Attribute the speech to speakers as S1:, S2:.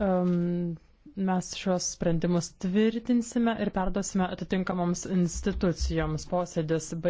S1: um, mes šios sprendimus tvirtinsime ir perduosime atitinkamoms institucijoms posėdis baigtas